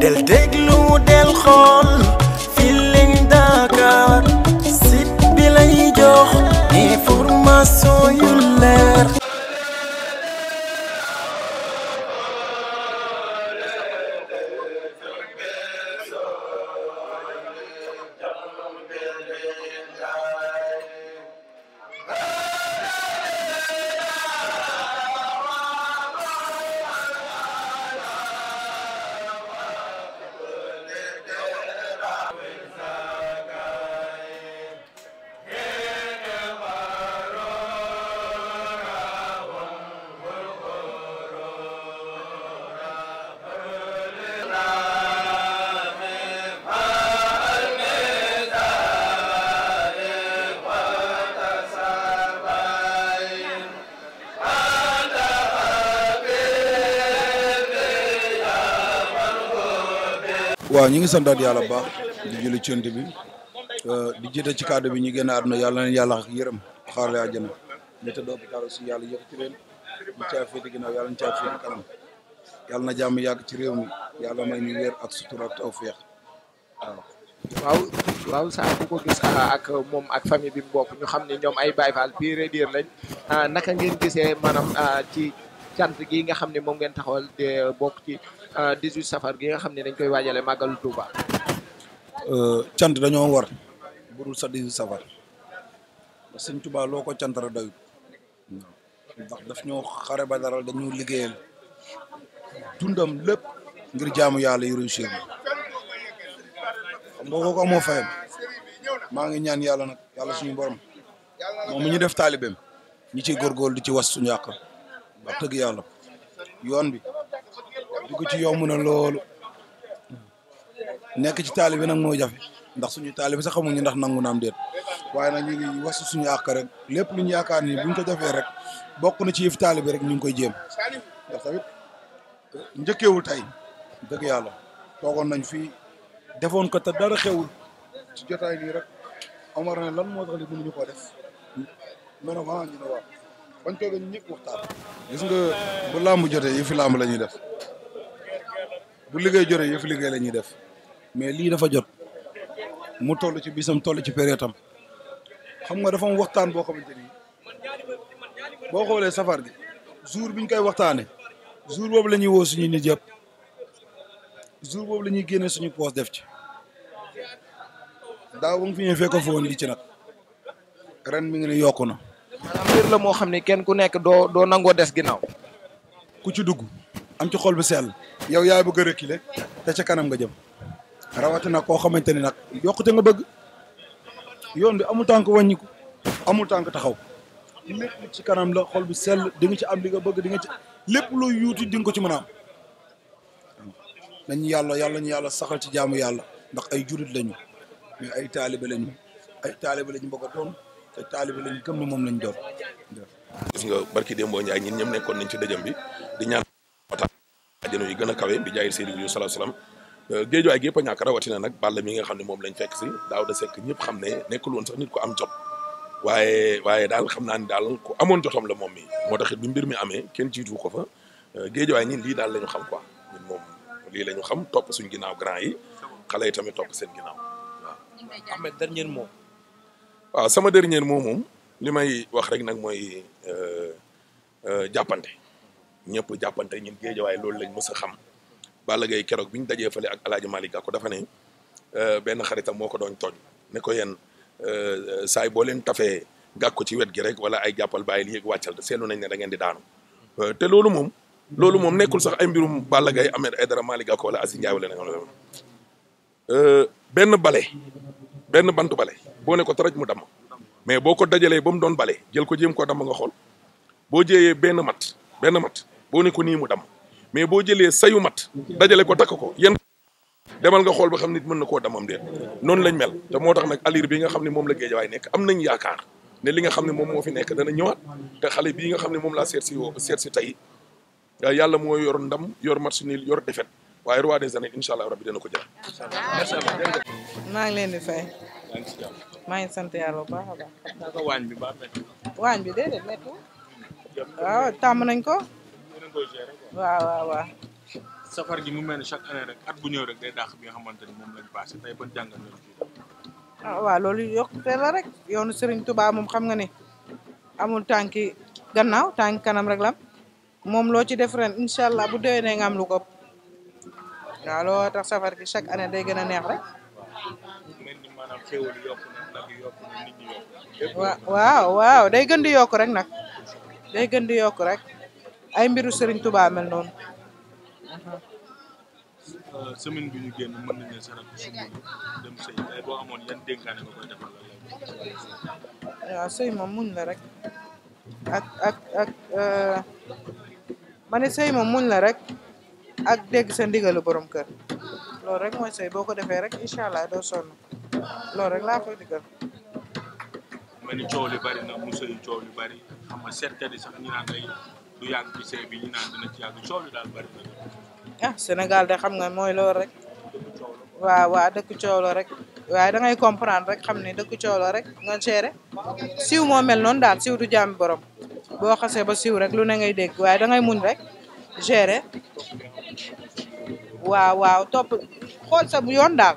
del déglu del xool waaw ñu ngi santaat yàlla bu baax di julli ci Yonent bi euh, di jiite ci kàddu bi ñu génn àdduna yàlla na yàlla yërëm xaarale àjjana ñu tëdd hôpital aussi yàlla yëkkati leen ñu caay yàlla ñu caay féete kanam yàlla na jàmm yàgg ci réew mi yàlla may ñu wér ak sutura ak tawfeex waaw. waaw waaw saa bu gis ak moom ak famille bi mu ñu xam ne ñoom ay Baye Fall pire dire lañ ah, naka ngeen gisee maanaam ah, ci. cant gi nga xam ne moom ngeen taxawal te bokk ci 18 euh, safar gi nga xam ne dañ koy waajale màggalu Touba. Euh, cant dañoo war burul sa 18 safar ndax sëñ Touba loo ko cantara doyut ndax daf ñoo xare ba daral dañoo liggéeyal dundam lépp ngir jaamu yàlla yu réussir xam nga kooku ngi ñaan yàlla nag yàlla suñu borom moom mu ñu def taalibeem ñu ciy góorgóorlu di ci was suñu yàq wax dëgg yàlla yoon bi dugg ci yomb na loolu nekk ci taalibe nag moo jafe ndax suñu taalibe sax xamuñu ndax nangu naam déet waaye nag ñu ngi wasu suñu àq rek lépp lu ñu yaakaar ni buñ ko jafee rek bokk na ci yëf taalibe rek ñu ngi koy jéem ndax tamit dëgg yàlla toogoon nañ fi defoon ko te dara xewul ci jotaay nii rek Omar ne lan moo tax li mënuñu ko def mën na waa ñu ne waaw bañ gis nga bu làmb jotee yëfi làmb la ñuy def bu liggéey jotee yëfi liggéey la ñuy def mais lii dafa jot mu toll ci bisam toll ci période am xam nga dafa waxtaan boo xamante ni boo xoolee safar gi jour biñ koy waxtaanee jour boobu la ñuy woo suñu nit yëpp jour boobu la ñuy génne suñu poos def ci daaw ba mu fi ñëwee fekk foo woon li ci nag ren mi ngi ne yokku na. moo xam ne kenn ku nekk doo doo nangoo des ginnaaw. ku ci dugg am ci xol bu sell yow yaay bëgg a reculer te ca kanam nga jëm rawatina koo xamante ni nag yokkute nga bëgg yoon bi amul tànk wàññiku amul tànk taxaw lépp ci kanam la xol bu sell di nga ci am li nga bëgg di nga ci lépp loo yuuti di nga ko ci mën a am. yàlla yàlla ñu yàlla saxal ci jaamu yàlla ndax ay jurit lañu mais ay taalibe lañu ay taalibe lañu bëgg a te taalibi lañ gëm ne moom lañ doon. gis nga de Demba Ndiaye ñun ñoom nekkoon nañ ci dëjëm bi di ñaan waxtaan ajjana yu gën a kawe bi jaayir Seydou Diouf salaahu salaam euh, géejuwaay gi yëpp a rawatina nag Balla mi nga xam ne moom lañ fekk si daaw da sekk ñëpp xam ne nekkul woon sax nit ko am jot. waaye waaye daal xam naa ni daal ko amoon jotam la moom mi moo tax bi mbir mi amee kenn jiitu ko fa euh, géejuwaay ñin lii daal la ñu xam quoi ñun moom lii la ñu xam topp suñ ginnaaw grand yi xale yi tamit topp seen ginnaaw waaw. am dernier waaw sama dernier mot moom li may wax rek nag mooy euh, euh, jàppante ñëpp jàppante ñun géejawaay loolu lañ mës a xam Balla Gaye keroog bi ñu dajee fale ak El Hadj Malick Gakou ne euh, benn xaritam moo ko doon tooñ ne ko yéen saay boo leen tafee Gakou ci wet gi rek wala ay jàppal bàyyil yéeg wàccal seetlu nañ ne da ngeen di daanu te loolu moom loolu moom nekkul sax ay mbirum Balla gay Ahmed Aïdara Malick Gakou wala Aziz Ndiaye wala benn bale benn bant bale boo ne ko taraj mu damm mais boo ko dajalee ba mu doon bale jël ko jéem ko damm nga xool boo jëyee benn mat benn mat boo ne nii mu damm mais boo jëlee sayu mat dajale ko takk ko yenn demal nga xool ba xam nit mën na koo damam déet noonu lañ mel te moo tax nag alir bi nga xam ne moom la géejawaay nekk am nañ yaakaar ne li nga xam ne moom moo fi nekk dana ñëwaat te xale bii nga xam ne moom laa seet si seet si tey euh, yàlla moo yor ndam yor match nul yor défaite waaye roi des années incha allah rabbi ko jël maa ngi sant yàlla bu baax a baax. bi baax métti. waañ bi déedéet métti. waaw tàmm nañ ko. waaw waaw waaw. safar gi mu mel chaque année at bu ñëw rek day dàq bi nga xamante ni moom lañ passé tey ban jàngat ah, yoonu Serigne Touba moom xam nga ne amul tànki gannaaw tànki kanam rek lam moom loo ci def ren incha allah bu ne nga am lu ko waaw tax safar gi chaque année day gën a neex rek. xéewal yokk na waaw waaw day gën di yokk rek nag day gën di yokk rek ay mbiru Serigne Touba mel noonu uh, semaine bi ñu ne sarax sumb dem boo amoon yan dénkaane nga koy defal waaw sëy moom muñ la rek ak ak ak uh, ma ne sëy moom muñ la rek ak dégg sa ndigalu borom kër loolu rek mooy sëy boo ko defee rek incha allah doo sonn loolu rek laa koy digal. ma ni bari na monsieur yi bari ah Sénégal de xam nga mooy loolu rek. waaw dëkk coolo rek. waaye da ngay comprendre rek xam ne dëkk coow rek nga géré siw moo mel noon daal siw du jaam boroom boo xasee ba siw rek lu ne ngay dégg waaye dangay ngay muñ rek géré waaw topp xool sa yoon daal.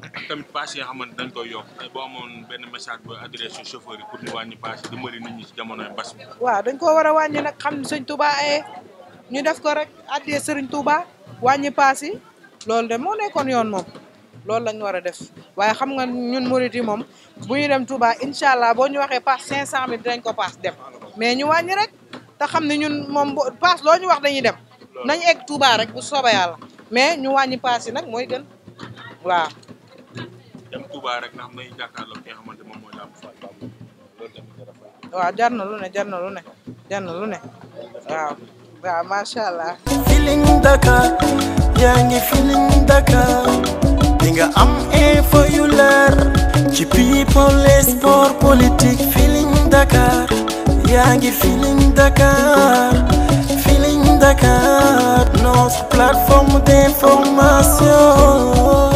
ak tamit paas yi nga dañ koy yokk tey boo amoon benn message boo adressé chauffeur yi pour ñu wàññi paas yi dañ koo war a wàññi nag xam sëñ Touba eh. ñu def ko rek addee sëriñ Touba wàññi paas yi loolu de moo nekkoon yoon moom loolu lañ war a def waaye xam nga ñun murid yi moom bu ñu dem Touba incha allah boo ñu waxee paas 500000 dinañ ko paas dem mais ñu wàññi rek te xam ne ñun moom paas loo ñu wax dañuy dem nañ egg Touba rek bu soobee yàlla mais ñu wàññi paas yi nag mooy gën waaw. Touba rek nga xam lu ne lu ne allah. Feeling yaa ngi Feeling Dakar di am info yu leer ci people et sport politique Feeling Dakar yaa ngi Feeling Dakar Feeling Dakar notre plateforme d'information.